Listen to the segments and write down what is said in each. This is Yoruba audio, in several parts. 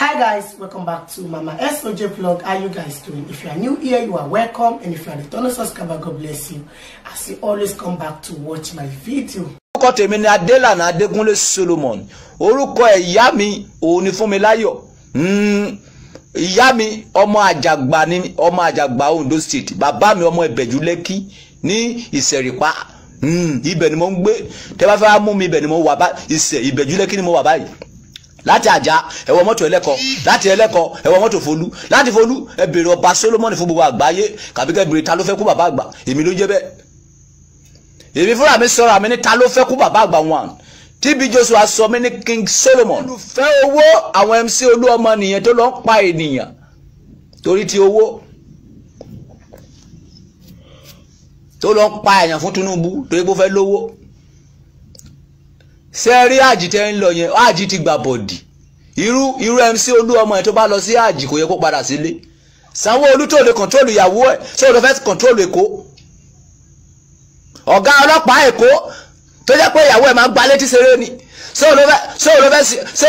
hi guys welcome back to mama soj vlog how you guys doing if you are new here you are welcome and if you are returning subscriber god bless you as you always come back to watch my video. orúkọ tèmi ni adélànà adégúnlé solomon orúkọ ìyá mi òun ni fúnmiláyọ̀ hmm, ìyá mi ọmọ àjàgbà ni ọmọ àjàgbà ondo state bàbá mi ọmọ ìbẹ̀jú lẹ́kí ní ìsẹ̀rìpá hmm, ibẹ̀ ni mo ń gbé tẹ́ bá fẹ́ mú mi ibẹ̀ ni mo wà báyìí ìsẹ̀ ìbẹ̀jú lẹ́kí ni mo wà báyìí láti àjà ẹwọ mọ́tò ẹlẹ́kọ láti ẹlẹ́kọ ẹwọ mọ́tò folú láti folú ẹ bèrè ọba solomoni fún gbogbo àgbáyé kàbí kẹ bèrè ta ló fẹ́ kú bàbá àgbà èmi ló jẹ́ bẹ́ẹ̀ èmi fúnra mi sọ̀rọ̀ àmì ní ta ló fẹ́ kú bàbá àgbà wọn TB Joshua sọ mí ní King Solomon olùfẹ́ owó àwọn MC Olúọmọ nìyẹn tó lọ ń pa ènìyàn torí ti owó tó lọ ń pa èèyàn fún Tinubu torí pé ó fẹ́ lówó ṣe rí àjì tẹ́ ń lọ yẹn àjì ti gbà bọ̀dì irú irú MC Olúọmọ yẹn tó bá lọ sí àjì kò yẹ kó padà sílé Sanwó-Olú tó lè kọ̀ntrólù ìyàwó ẹ̀ tó lè fẹ́ kọ̀ntrólù Èkó ọ̀gá ọlọ́pàá Èkó tó jẹ́ pé ìyàwó ẹ̀ máa gba létí ṣeré ni ṣé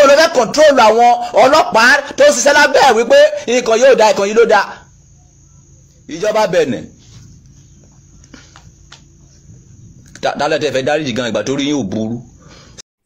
o lè fẹ́ kọ̀ntrólù àwọn ọlọ́pàá tó ń ṣiṣẹ́ lábẹ́ ẹ̀ wípé nǹkan yóò da nǹkan yìí ló da ìjọba Bẹ̀nẹ̀ dálẹ́ tẹ́ fẹ́ dáríjì gan ìgbà tó rí yín ò burú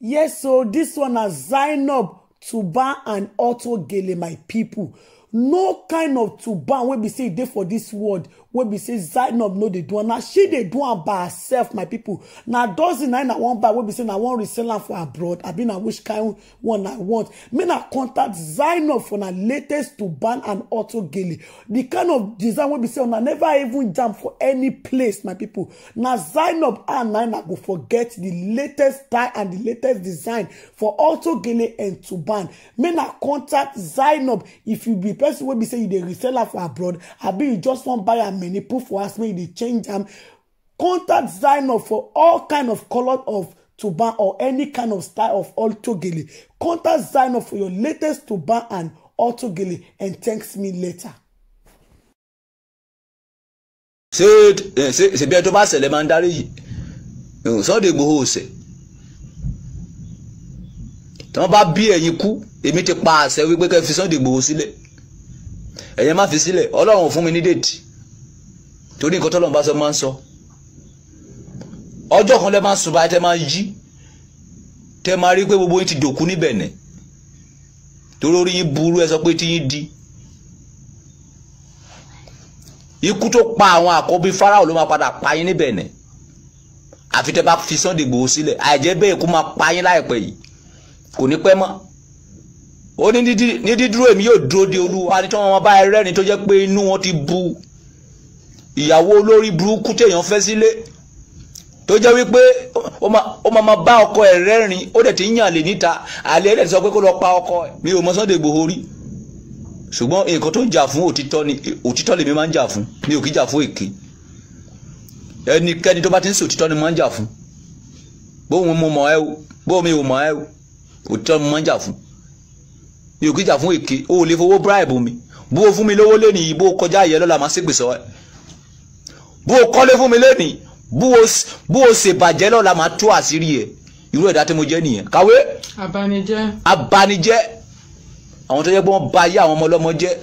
Yes, so this one has Zainab, Tuba, and Otto Gele, my people. No kind of Tuba, when we say they e for this world, wey be say zainab no dey do am na she dey do am by herself my people na dozen nine na one buy wey be say na one resell am for abroad abi na which kind one i want make na contact zainab for na latest to ban and auto gele the kind of design wey be say una never even jam for any place my people na zainab and nina go forget the latest style and the latest design for auto gele and to ban make na contact zainab if you be person wey be say you dey resell am for abroad abi you just wan buy am and e for asthma Me, dey change am contact zainab for all kind of color of tuba or any kind of style of altogele contact zainab for your latest tuba and altogele and thanks me later. ṣé eh, ṣèbí ẹ tó bá ṣẹlẹ̀ máa ń darí yìí Sunday Igboho ọ̀sẹ̀ tí wọ́n bá bí ẹ̀yin kú èmi ti pa àṣẹ wípé kẹ́ fi Sunday Igboho sílẹ̀ ẹ̀yin má fi sílẹ̀ ọlọ́run fún mi ní déètì torí nǹkan tọ́lọ́run bá sọ máa ń sọ ọjọ́ kan lẹ́ máa ń sùn báyìí tẹ́ máa ń yí tẹ́ máa rí pé gbogbo yín ti dòkú níbẹ̀ nẹ̀ torí orí yín burú ẹ sọ pé tí yín di ikú tó pa àwọn àkọ́bí Fáráò ló máa padà pa yín níbẹ̀ nẹ̀ àfi tẹ́ bá fi Sunday Igboho sílẹ̀ àìjẹ́ bẹ́ẹ̀ kó máa pa yín láìpẹ́ yìí kò ní pẹ́ mọ́ ó ní dídúró èmi yóò dúró de Olúwa ní tí wọ́n bá rẹ́rìn tó jẹ́ pé inú wọn ti bu ìyàwó olórí burúkú téèyàn fẹ́ sílé tó jẹ́ wípé ó máa bá ọkọ ẹ̀ rẹ́rìn ó dẹ̀ ti ń yàn lè níta àlẹ́ ẹ̀ dẹ̀ sọ pé kó lọ pa ọkọ ẹ̀ mi ò mọ Sunday Igboho rí ṣùgbọ́n nǹkan tó ń jà fún òtítọ́ ni òtítọ́ lèmi máa ń jà fún mi ò kí jà fún èké ẹnikẹ́ni tó bá ti ń sọ òtítọ́ ni máa ń jà fún bóun mo mọ̀ ẹ́ o bóun mi ò mọ̀ ẹ́ o òtítọ́ ni máa ń jà fún mi ò kí jà fún èké o ò lè fowó bíráìbù mi bó o fún mi lówó lé nìyí bó o kọjá ìyẹn lọ́la sọ ẹ́ bó o kọ́lé fún mi lẹ́nìí bó o ṣèbàjẹ́ lọ́la máa tú àṣírí ẹ̀ irú ẹ̀dá tí mo jẹ́ nìyẹn kàwé. abanijẹ́. abanijẹ́ àwọn tó yẹ pé wọ́n ba ayé àwọn ọmọ ọlọ́mọ jẹ́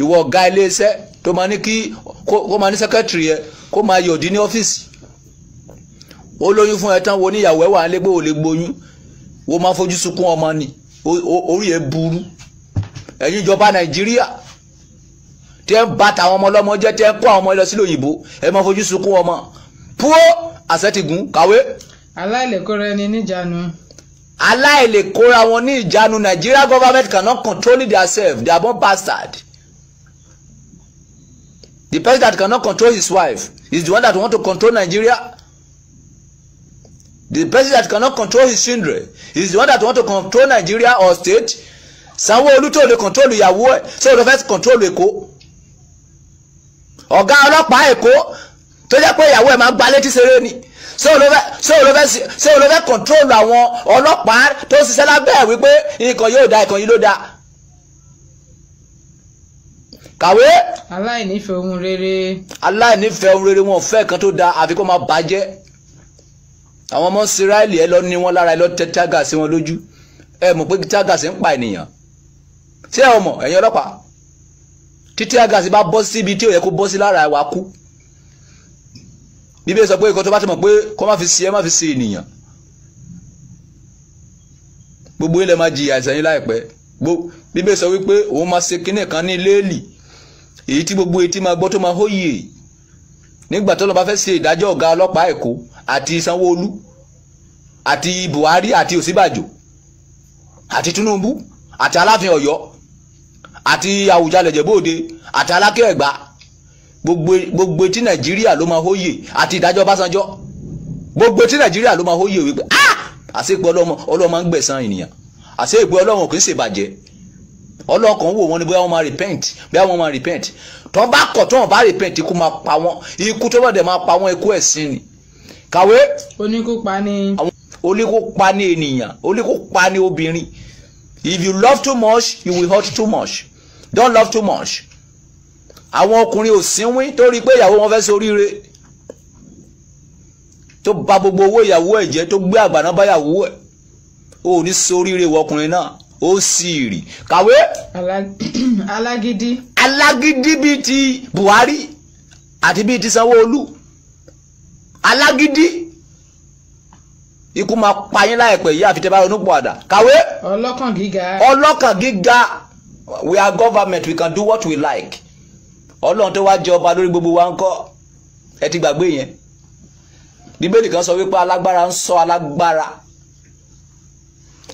ìwọ ọ̀gá iléeṣẹ́ tó máa ní kí kó máa ní sẹ́kẹ́tìrì yẹ kó máa yọ̀dí ní ọ́fíìsì ó lóyún fún ẹ tán wo níyàwó ẹ wà á lé pé lè gboyún wo máa fojú sunkún ọmọ ni orí ẹ burú ẹ̀yin ìjọba nàìjíríà tẹ́ ń bá tàwọn ọmọ ọlọ́mọ jẹ́ tẹ́ ń kó àwọn ọmọ lọ sílé òyìnbó ẹ mọ fojú sunkún ọmọ púó àṣẹtìgún kàwé. aláìlèkóra ẹni níjànú. aláìlèkóra wọn ní ìjánu Nigeria government cannot control theirself they are born bastard the president that cannot control his wife is the one that want to control Nigeria the president that cannot control his children is the one that want to control Nigeria or state Sanwó-Olú tó lè control ìyàwó ẹ̀ sóòlù fẹ́ control Èkó ọ̀gá ọlọ́pàá èkó tó jẹ́ pé ìyàwó ẹ̀ máa ń gba létí ṣeré ni ṣé o ló fẹ́ control àwọn ọlọ́pàá tó ń ṣiṣẹ́ lábẹ́ ẹ̀ wípé nǹkan yóò da nǹkan yìí ló da. kàwé. aláìnífẹ̀ẹ́ ohun rere. aláìnífẹ̀ẹ́ ohun rere wọn ò fẹ́ kan tó da àfi kó máa bàjẹ́ àwọn ọmọ Ísírẹ́lì ẹ lọ ní wọn lára ẹ lọ tẹ tágà sí wọn lójú ẹ mọ̀ pé tágà sí ń pa ènìyàn ṣé ẹ mọ̀ ẹ̀yin ọlọ́pàá tí agasi gas bá bọ́ síbi tí ò yẹ kó bọ́ sí lára wa kú bíbélì sọ pé ìkọ́ tó bá ti mọ̀ pé kó má fi ṣe ẹ́ má fi ṣe ènìyàn gbogbo ilẹ̀ máa jìyà ìsẹ̀yìn láìpẹ́ bíbélì sọ wípé òun máa ṣe kinní kan ní léèlì èyí tí gbogbo etí máa gbọ́ tó máa hóyè nígbà tó lọ bá fẹ́ ṣe ìdájọ́ ọ̀gá ọlọ́pàá Èkó àti sanwó àti Buhari àti Ọ̀ṣínbàjò àti Tinubu àti Aláàfin Ọ̀yọ́ àti Àwùjalẹ̀ Ìjẹ̀bú-Òde àti Aláké Ẹ̀gbá gbogbo etí Nàìjíríà ló máa hóyè àti ìdájọ́ Ọbásanjọ́ gbogbo etí Nàìjíríà ló máa hóyè wípé ah àṣepọ̀ ọlọ́mọ ọlọ́mọ ń gbẹ̀san ènìyàn àṣepọ̀ ọlọ́mọ kì í ṣèbàjẹ́ ọlọ́kàn wò wọ́n ní bóyá wọ́n máa repent bóyá wọ́n máa repent tó bá kọ̀ tó wọ́n bá repent ikú máa pa wọ́n ikú tó bá máa pa wọ́n ikú ẹ̀sìn ni kàwé. oníkópa ni. oníkópa ni ènìyàn oníkópa ni obìnrin if you love too much you will hurt too much don't love too much àwọn ọkùnrin ò sínwín torí pé ìyàwó wọn fẹ́ soríire tó bà gbogbo owó ìyàwó ẹ̀ jẹ́ tó gbé àgbàná bá ìyàwó ẹ̀ ò ní soríire wọ ọkùnrin náà ó sì rì kàwé. alágídí. alágídí bíi ti Buhari àti bíi ti Sanwó-Olú alágídí ikú máa pa yín láìpẹ́ yìí àfi tẹ́ bá ronú pọ̀ àdá kàwé. ọlọ́kàn gíga. ọlọ́kàn gíga we are government we can do what we like ọlọ́run tó wá jẹ ọba lórí gbogbo wa ń kọ́ ẹ ti gbàgbé yẹn bíbélì kan sọ wípé alágbára ń sọ alágbára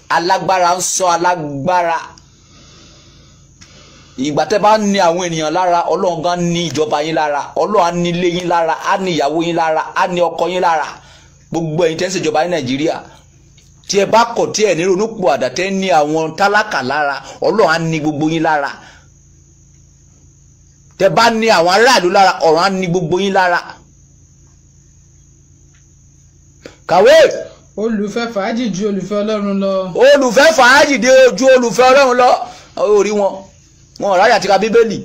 alágbára ń sọ alágbára ìgbà tẹ́ bá ní àwọn ènìyàn lára ọlọ́run gan ní ìjọba yín lára ọlọ́run á ní ilé yín lára á ní ìyàwó yín lára á ní ọkọ yín lára gbogbo ẹ̀yin tẹ́ ń ṣèjọba ní nàìjíríà tí ẹ bá kọ̀ tí ẹ ní ronúpò àdàtẹ́ ní àwọn tálákà lára ọlọ́run á ní gbogbo yín lára tẹ bá ní àwọn aráàlú lára ọ̀rọ̀ á ní gbogbo yín lára. kàwé. olùfẹ́ fàájì ju olùfẹ́ ọlọ́run lọ. olùfẹ́ fàájì dé ju olùfẹ́ ọlọ́run lọ orí wọn wọn ọ̀rá yàtìka bíbélì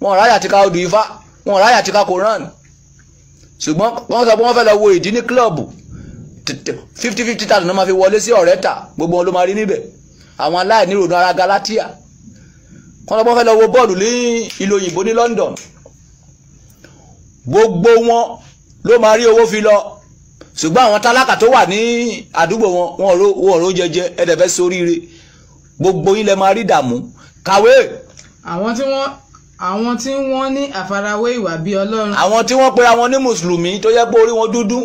wọn ọ̀rá yàtìka odù ifá wọn ọ̀rá yàtìka koran ṣùgbọ́n wọ́n sọ pé wọ́n fẹ́ lọ wo ìdí ní kílọ̀bù fifty fifty thousand náà máa fi wọlé sí ọ̀rẹ́ ta gbogbo wọn ló máa rí níbẹ̀ àwọn aláìní ròdùn ara Galatia kọ́ńtà bọ́ fẹ́ lọ wo bọ́ọ̀lù ní ìlú òyìnbó ní London gbogbo wọn ló máa rí owó fi lọ ṣùgbọ́n àwọn tálákà tó wà ní àdúgbò wọn wọn ò jẹjẹ ẹ̀dẹ̀fẹ́ soríire gbogbo yín lẹ máa rí dààmú kàwé. àwọn tí wọ́n àwọn tí wọ́n ní àfarawé ìwà bí ọlọ́run. àwọn tí wọ́n pera wọn ní mùsùlùmí tó yẹ pé orí wọn dúdú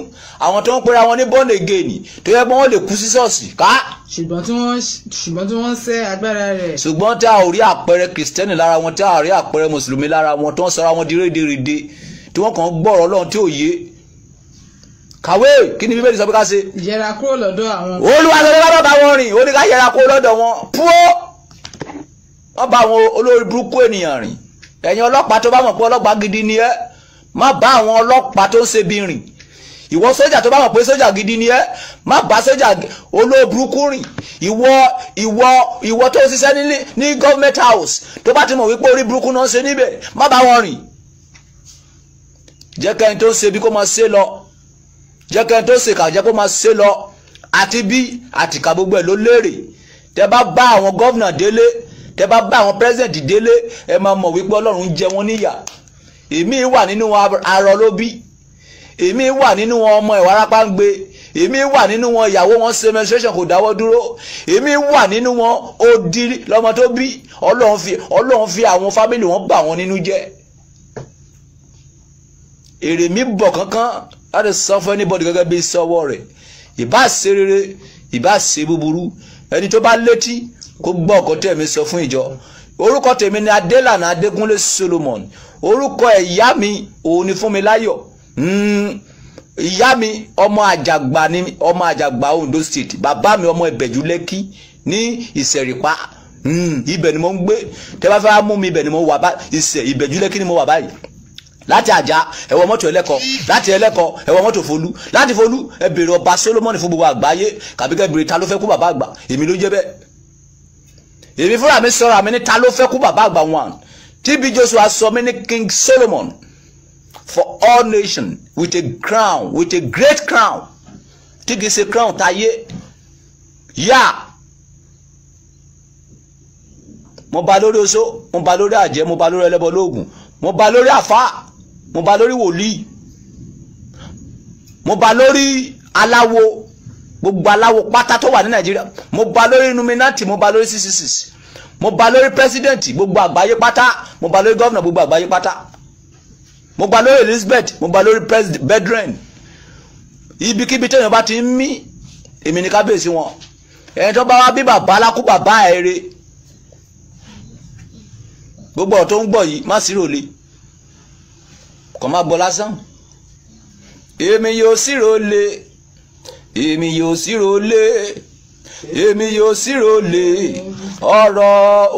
àwọn tí wọ́n pera wọn ní born again tó yẹ pé wọ́n lè kú sí ṣọ́ọ̀ṣì ká. ṣùgbọ́n tí wọ́n ṣùgbọ́n tí wọ́n sẹ́ agbára rẹ̀. ṣùgbọ́n tá a ò rí àpẹẹrẹ kìrìsìtẹ́nì lára wọn tá a rí àpẹẹrẹ mùsùlùmí lára wọn tó ń sọra wọn di rédèrèdè tí wọ́n kàn ń gbọ́rọ̀ ọlọ́run tí ò yé kàwé kí ni bíbélì sọ pé ká ṣe. yẹra kúrò lọ́dọ̀ àwọn. olúwa sọ pé ká bá wọn rìn ó ní ká yẹra kúrò lọ́dọ̀ wọn púọ́ wọ́n bá àwọn olórí burúkú ènìyàn rìn ẹ̀yin ọlọ́pàá tó bá mọ̀ pé ọlọ́pàá gidi ni ẹ́ má bá àwọn ọlọ́pàá tó ń ṣe bí rìn ìwọ sójà tó bá mọ̀ pé sójà gidi ni ẹ́ má bá sójà olóòburúkú rìn ìwọ ìwọ ìwọ tó ń ṣiṣẹ́ ní ní government house tó bá ti mọ̀ wípé orí burúkú náà ń ṣe níbẹ̀ má bá wọn rìn jẹ́ kẹ́ni tó ń ṣe bí kó máa ṣe lọ jẹ́ kẹ́ni tó ń ṣe kà kó máa ṣe lọ àti bí àtìkà gbogbo ẹ̀ ló léèrè tẹ́ bá bá àwọn gọ́vnà tẹ́ bá bá àwọn president délé ẹ máa mọ̀ wípé ọlọ́run jẹ wọ́n níyà èmi wà nínú arọ ló bí èmi wà nínú ọmọ ẹ̀wà arápáǹgbé èmi wà nínú wọn ìyàwó wọn ṣe menstruation kò dáwọ́ dúró èmi wà nínú wọn ó di lọ́mọ tó bí ọlọ́run fi ọlọ́run fi àwọn fámìlì wọn bà wọ́n nínú jẹ́ èrè mi bọ̀ kankan láti sọ fún anybody gẹ́gẹ́ bí sọ́wọ́ rẹ̀ ìbá ṣe rere ìbá ṣe búburú ẹni tó bá létí kó gbọ́ ọ̀kọ́ tẹ̀mí sọ fún ìjọ orúkọ tèmi ni adélànà adégúnlé solomon orúkọ ìyá mi òun ni fún mi láyọ̀ hmm, ìyá mi ọmọ àjàgbà ni ọmọ àjàgbà ondo state bàbá mi ọmọ ìbẹ̀jú lẹ́kí ní ìsẹ̀rìpá hmm, ibẹ̀ ni mo ń gbé tẹ́ bá fẹ́ mú mi ibẹ̀ ni mo wà báyìí ìsẹ̀ ìbẹ̀jú lẹ́kí ni mo wà báyìí láti àjà ẹwọ mọ́tò ẹlẹ́kọ láti ẹlẹ́kọ ẹwọ mọ́tò folú láti folú ẹ bèrè ọba solomoni fún gbogbo àgbáyé kàbí kẹ bèrè ta ló fẹ́ kú bàbá àgbà èmi ló jẹ́ bẹ́ẹ̀ èmi fúnra mi sọra mi ní ta ló fẹ́ kú bàbá àgbà one TB Joshua sọ mi ní King Solomon for all nations with a crown with a great crown tí kì í ṣe crown táyé yá. Yeah mo ba lórí oṣó mo ba lórí àjẹ́ mo ba lórí ẹlẹ́bọ lóògùn mo ba lórí àfáà mo bá lórí wòlíì mo bá lórí aláwo gbogbo aláwo pátá tó wà ní nàìjíríà mo bá lórí numinati mo bá lórí ccc mo bá lórí pẹ́sidẹ̀ntì gbogbo àgbáyé pátá mo bá lórí gọ́vnà gbogbo àgbáyé pátá mo bá lórí elizabeth mo bá lórí bedren ibikíbi téèyàn bá ti ń mí èmi ní kábíyèsí wọn ẹni tó bá wá bí bàbá alákú bàbá ẹ̀ re gbogbo ọ̀ tó ń gbọ̀ yìí má sí rò kò má gbọ́ lásán èmi yóò ṣírò lé èmi yóò ṣírò lé èmi yóò ṣírò lé ọ̀rọ̀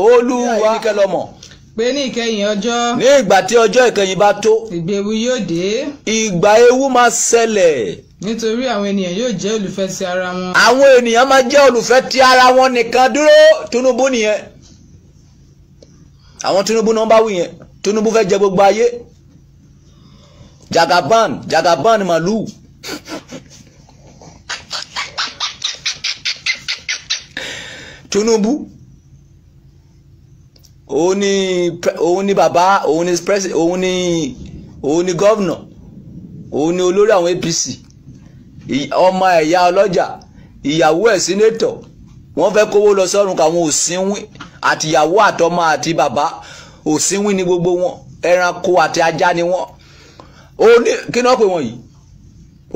olúwa nìkẹ́lọ́mọ̀. pé ní ìkẹyìn ọjọ́. ní ìgbà tí ọjọ́ ìkẹyìn bá tó. ìgbà ewu yóò dé. ìgbà ewu máa ṣẹlẹ̀ nítorí àwọn ènìyàn yóò jẹ́ olùfẹ́ ti ara wọn. àwọn ènìyàn máa jẹ́ olùfẹ́ ti ara wọn nìkan dúró Tinubu nìyẹn àwọn Tinubu náà bá wù yẹn Tinubu fẹ́ jẹ gbogbo ayé jagaban jagaban malu. Tinubu òun ni òun ni bàbá òun ni òun ni òun ni gọ́vnà òun ni olórí àwọn APC ọmọ ẹ̀yà ọlọ́jà ìyàwó ẹ̀ sínétọ̀ wọ́n fẹ́ kówó lọ sọ́run káwọn ati àtìyàwó àtọmọ àti bàbá òsínwín ni gbogbo wọn ẹranko àti ajá ni wọ́n kí ni wọ́n pè wọ́n yìí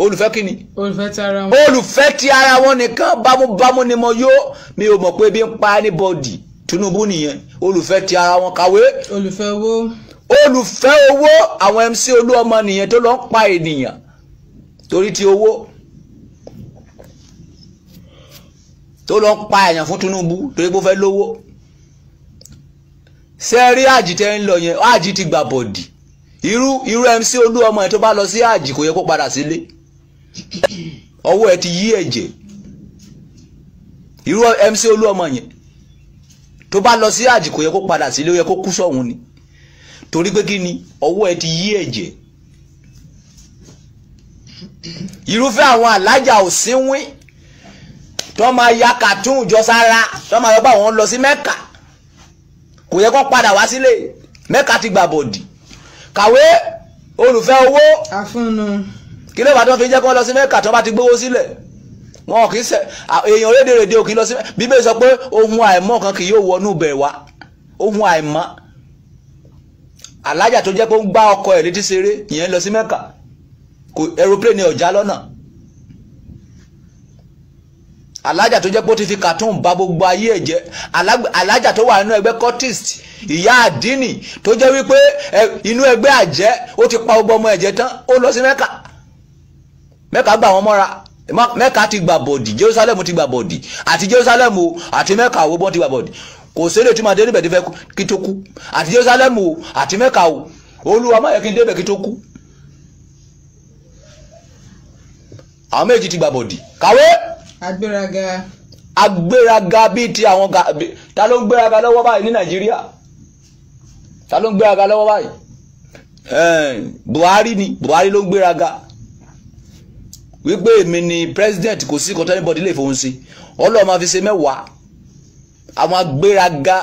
olùfẹ́ kí ni. olùfẹ́ ti ara wọn. olùfẹ́ ti ara wọn nìkan bámúbámú ni mo yó mi ò mọ̀ pé ebi ń pa ní bọ́ọ̀dì Tinubu nìyẹn olùfẹ́ ti ara wọn kàwé. olùfẹ́ owó. olùfẹ́ owó àwọn MC Olúọmọ nìyẹn tó lọ ń pa ènìyàn torí ti owó tó lọ ń pa èèyàn fún Tinubu torí pé ó fẹ́ lówó ṣe rí àjì tẹ́ ń lọ yẹn àjì ti gbà bọ̀dì irú irú MC Olúọmọ ẹ tó bá lọ sí àjì kò yẹ kó padà sílé ọwọ́ ẹ ti yí ẹ̀jẹ̀ irú MC Olúọmọ yẹn tó bá lọ sí àjì kò yẹ kó padà sílé ó yẹ kó kú sọ̀hún ni torí pé kí ni ọwọ́ ẹ ti yí ẹ̀jẹ̀ irúfẹ́ àwọn alájà ò sínwín tó máa ya kàtún ìjọ sára tó máa yọ pé àwọn lọ sí mẹ́kà kò yẹ kó padà wá sílé mẹ́kà ti gbà bọ̀dì kàwé olùfẹ́ owó. àfúnnu. kí ló bá tó fi jẹ́ kó lọ sí mẹ́ka tó bá ti gbowó sílẹ̀ wọn kì í ṣe èèyàn rédèrèdè ò kì í lọ sí mẹ́ka bíbélì sọ pé ohun àìmọ̀ kan kì yóò wọnú bẹ̀ wá ohun àìmọ̀ alájà tó jẹ́ pé ó ń gbá ọkọ ẹ̀ létí ṣeré ìyẹn lọ sí mẹ́ka aeroplane ọ̀já lọ́nà alájà tó jẹ́ pé ó ti fi cartoon ba gbogbo ayé ẹ̀ jẹ́ alájà tó wà nínú ẹgbẹ́ cultist ìyá àdínì tó jẹ́ wípé inú ẹgbẹ́ àjẹ́ ó ti pa gbogbo ọmọ ẹ̀jẹ̀ tán ó lọ sí mẹ́ka mẹ́ka gbà wọ́n mọ́ra mẹ́ka ti gbà bọ̀dì jerusalem ti gbà bọ̀dì àti jerusalem o àti mẹ́ka o bọ́n ti gbà bọ̀dì kò sílẹ̀ tí màá níbẹ̀ tí fẹ́ kí tó kú àti jerusalem o àti mẹ́ka o olúwa má yẹ kí n débẹ̀ kí tó kú àwọn méjì ti gbà bọ̀dì kàwé agbéraga. agbéraga bíi ti àwọn ga ta ló ń gbéraga lọ́wọ́ báyìí ní nàìjíríà ta ló ń gbéraga lọ́wọ́ báyìí buhari ni buhari ló ń gbéraga wípé èmi ni president kò sí kọ́tọ́ anybody lè fohùn sí ọlọ́run máa fi ṣe mẹ́wàá àwọn agbéraga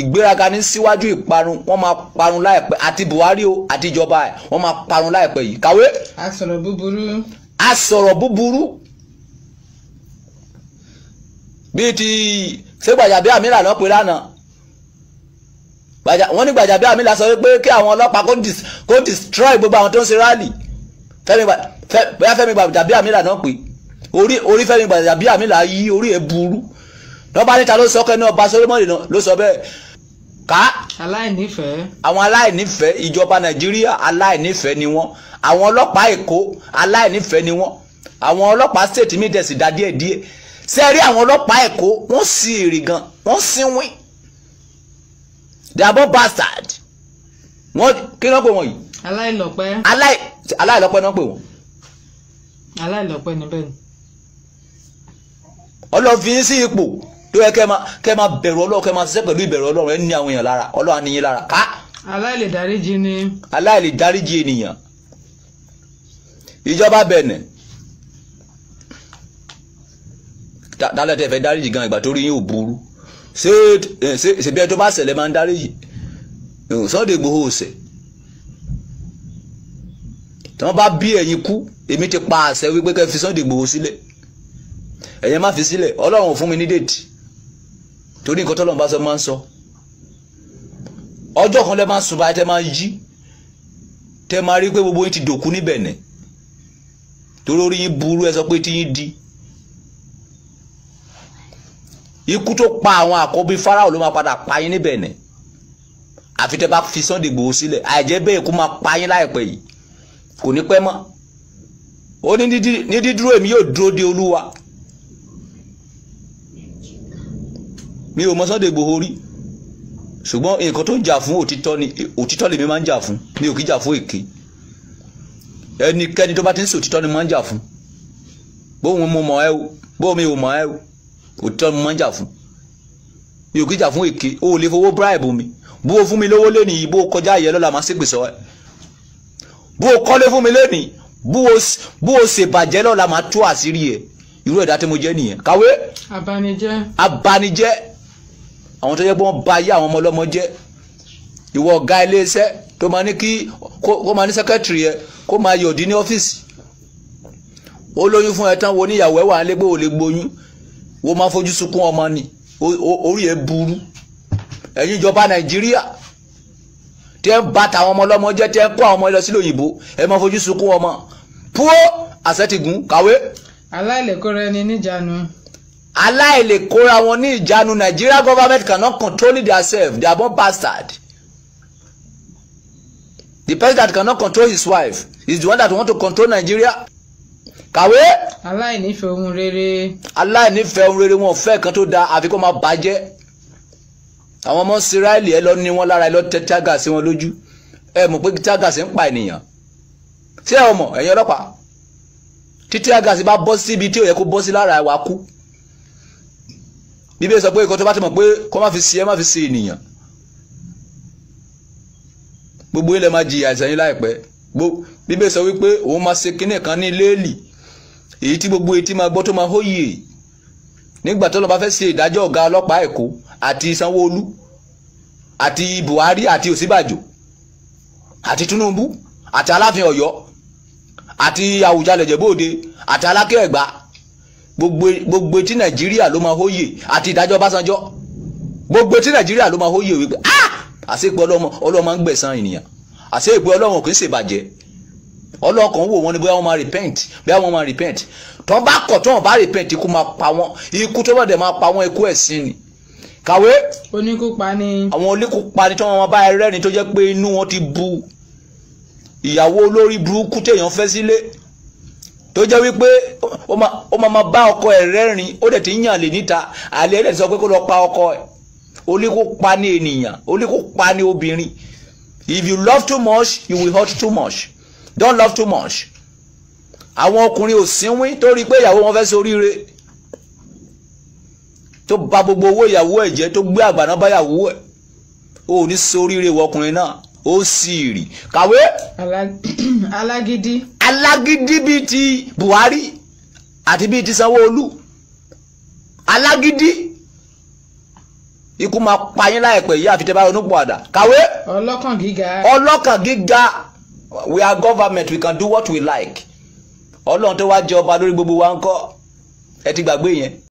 ìgbéraga ní síwájú ìparun wọ́n máa parun láìpẹ́ àti buhari o àti ìjọba ẹ̀ wọ́n máa parun láìpẹ́ yìí kàwé. a sọ̀rọ̀ búburú. a sọ̀rọ̀ búburú bíi ti ṣé gbàjàbí àmìlà lọ pé lánàá wọ́n ní gbàjàbí àmìlà sọ pé kí àwọn ọlọ́pàá kó destroy gbogbo àwọn tó ń ṣe rally bóyá fẹ́mi gbàjàbí àmìlà náà pé orí fẹ́mi gbàjàbí àmìlà yí orí ẹ̀ burú lọ́ba níta ló sọ kẹ́ni ọba Solomoni ló sọ bẹ́ẹ̀ ká aláìnífẹ̀ẹ́ àwọn aláìnífẹ̀ẹ́ ìjọba Nàìjíríà aláìnífẹ̀ẹ́ ni wọ́n àwọn ọlọ́pàá Èkó aláìnífẹ̀ẹ́ ni wọ́n àwọn ọlọ́pàá state mi dẹ̀ sì dá díẹ̀ díẹ̀ ṣe rí àwọn ọlọ́pàá Èkó wọ́n sì rì gan wọ́n sì wín dàbọ̀ bastard wọ́n kí ló ń pè wọ́n yìí. aláìlọ́pẹ́. aláì aláìlọ́pẹ́ náà pè wọ́n. aláìlọ́pẹ́ níbẹ̀ ni. ọlọ́fin sí ipò tó yẹ kẹ́ máa kẹ́ máa bẹ̀rù Ọlọ́run kẹ́ máa ṣiṣẹ́ pẹ̀lú ìbẹ̀rù Ọlọ́run ẹ̀ ní àwọn èèyàn lára Ọlọ́run á ní yín lára ká. aláìlè dáríjì ni. aláìlè dáríjì ènìyàn ìjọba Benin dálẹ́ tẹ́ fẹ́ dáríjì gan ìgbà tó rí yín ò burú ṣé ṣe bí ẹ tó bá ṣẹlẹ̀ máa ń dáríjì Sunday Igboho ọ̀sẹ̀ tí wọ́n bá bí ẹ̀yin kú èmi ti pa àṣẹ wípé kẹ́ fi Sunday Igboho sílẹ̀ ẹ̀yẹ má fi sílẹ̀ ọlọ́run ò fún mi ní déètì torí nǹkan tọ́lọ́run bá sọ máa ń sọ ọjọ́ kan lẹ́ máa sùn báyìí tẹ́ máa yí tẹ́ máa rí pé gbogbo yín ti dòkú níbẹ̀ nẹ̀ torí orí yín burú ẹ sọ pé tí yín di ikú tó pa àwọn àkọ́bí Fáráò ló máa padà pa yín níbẹ̀ ni àfi tẹ́ bá fi Sunday Igboho sílẹ̀ àìjẹ́ bẹ́ẹ̀ kó máa pa yín láìpẹ́ yìí kò ní pẹ́ mọ́ ó ní ní dídúró èmi yóò dúró de Olúwa mi ò mọ Sunday Igboho rí ṣùgbọ́n nǹkan tó ń jà fún òtítọ́ ni òtítọ́ lèmi máa ń jà fún mi ò kí jà fún èké ẹnikẹ́ni tó bá ti ń sọ òtítọ́ ni máa ń jà fún bóun mo mọ̀ ẹ́ o bóun mi ò mọ̀ ẹ́ o òtítọ́ mi máa ń jà fún mi ò kí jà fún èké o ò lè fowó bribe mi bó o fún mi lówó lónìí bó o kọjá àyè lọ́la máa ṣègbè sọ bó o kọ́lé fún mi lónìí bó o ṣèbàjẹ́ lọ́la máa tú àṣírí ẹ̀ irú ẹ̀dá tí mo jẹ́ nìyẹn kàwé. abanijẹ́. abanijẹ́ àwọn tó yẹ pé wọ́n ba ayé àwọn ọmọ ọlọ́mọ jẹ́ ìwọ ọ̀gá iléeṣẹ́ tó máa ní kí kó máa ní sẹ́kẹ́tìrì yẹ kó máa yọ̀dí ní ọ́fíìsì ó lóyún fún ẹ tán wo níyàwó ẹ wà á lé pé ò lè wọ́n máa fojú sunkún ọmọ ni orí ẹ̀ burú ẹ̀yin ìjọba nàìjíríà tí ẹ bá tàwọn ọmọ ọlọ́mọ jẹ́ tí ẹ kó àwọn ọmọ lọ sílò òyìnbó ẹ máa fojú sunkún ọmọ púó àṣẹtìgún kàwé. aláìlèkóra ẹni níjànú. aláìlèkóra wọn ní ìjánu Nigeria government cannot control themselves they are born bastard. The president cannot control his wife is the one that want to control Nigeria kàwé. aláìnífẹ̀ẹ́ ohun rere. aláìnífẹ̀ẹ́ ohun rere wọn ò kan tó da àfi kó máa bàjẹ́ àwọn ọmọ Ísírẹ́lì ẹ lọ ní wọn lára ẹ lọ tẹ tíágà sí wọn lójú ẹ mọ̀ pé tíágà ń pa ènìyàn sí ẹ mọ̀ ẹ̀yin ọlọ́pàá tí tíágà sí bá bọ́ síbi tí ò yẹ kó bọ́ sí lára ẹ wá kú bíbélì sọ pé ìkọ́ tó bá ti mọ̀ pé kó má fi sí ẹ má fi sí ènìyàn gbogbo ilẹ̀ máa jìyà ìsẹ̀yìn láìpẹ́ bíbélì sọ wípé òun máa ṣe kinní kan ní léèlì èyí tí gbogbo etí máa gbọ́ tó máa hóyè nígbà tó lọ́ bá fẹ́ ṣe ìdájọ́ ọ̀gá ọlọ́pàá Èkó àti Sanwó-Olú àti Buhari àti Ọ̀ṣínbàjò àti Tinubu àti Aláàfin Ọ̀yọ́ àti Àwùjalẹ̀ Ìjẹ̀bú-Òde àti Aláké Ẹ̀gbá e, gbogbo etí Nàìjíríà ló máa hóyè àti ìdájọ́ Ọbásanjọ́ gbogbo etí Nàìjíríà ló máa hóyè wípé ah àṣepọ̀ ọlọ́mọ ọlọ́mọ ń gbẹ̀san ènìyàn àṣepọ̀ ọlọ́mọ kì í ṣèbàjẹ́ ọlọ́kàn wò wọ́n ní bóyá wọ́n máa repent bóyá wọ́n máa repent tó bá kọ̀ tó bá repent ikú máa pa wọ́n ikú tó bá dẹ̀ máa pa wọ́n ikú ẹ̀sìn ni kàwé. oníkópa ni. àwọn oníkópa ni tí wọ́n bá rẹ́ni tó jẹ́ pé inú wọn ti bu ìyàwó olórí burúkú téèyàn fẹ́ sílé tó jẹ́ wípé ó máa bá ọkọ ẹ̀ rẹ́rìn ó dẹ̀ ti ń yàn lè níta àlè ẹ̀ dẹ̀ sọ pé kó lọ pa ọkọ ẹ̀ oníkópa ni ènìyàn oníkópa ni obìnrin if you love too much you will hurt too much don't love too much àwọn ọkùnrin ò sínwín torí pé ìyàwó wọn fẹ́ ṣoríire tó bà gbogbo owó ìyàwó ẹ̀ jẹ́ tó gbé àgbàná bá ìyàwó ẹ̀ ò ní ṣoríire wọ ọkùnrin náà ó sì rì kàwé. alágídí. alágídí bíi ti Buhari àti bíi ti Sanwó-Olú alágídí ikú máa pa yín láìpẹ́ yìí àfi tẹ́ bá ronú pọ̀ àdá kàwé. ọlọ́kàn gíga. ọlọ́kàn gíga we are government we can do what we like ọlọ́run tó wá jẹ ọba lórí gbogbo wa ń ẹ ti gbàgbé yẹn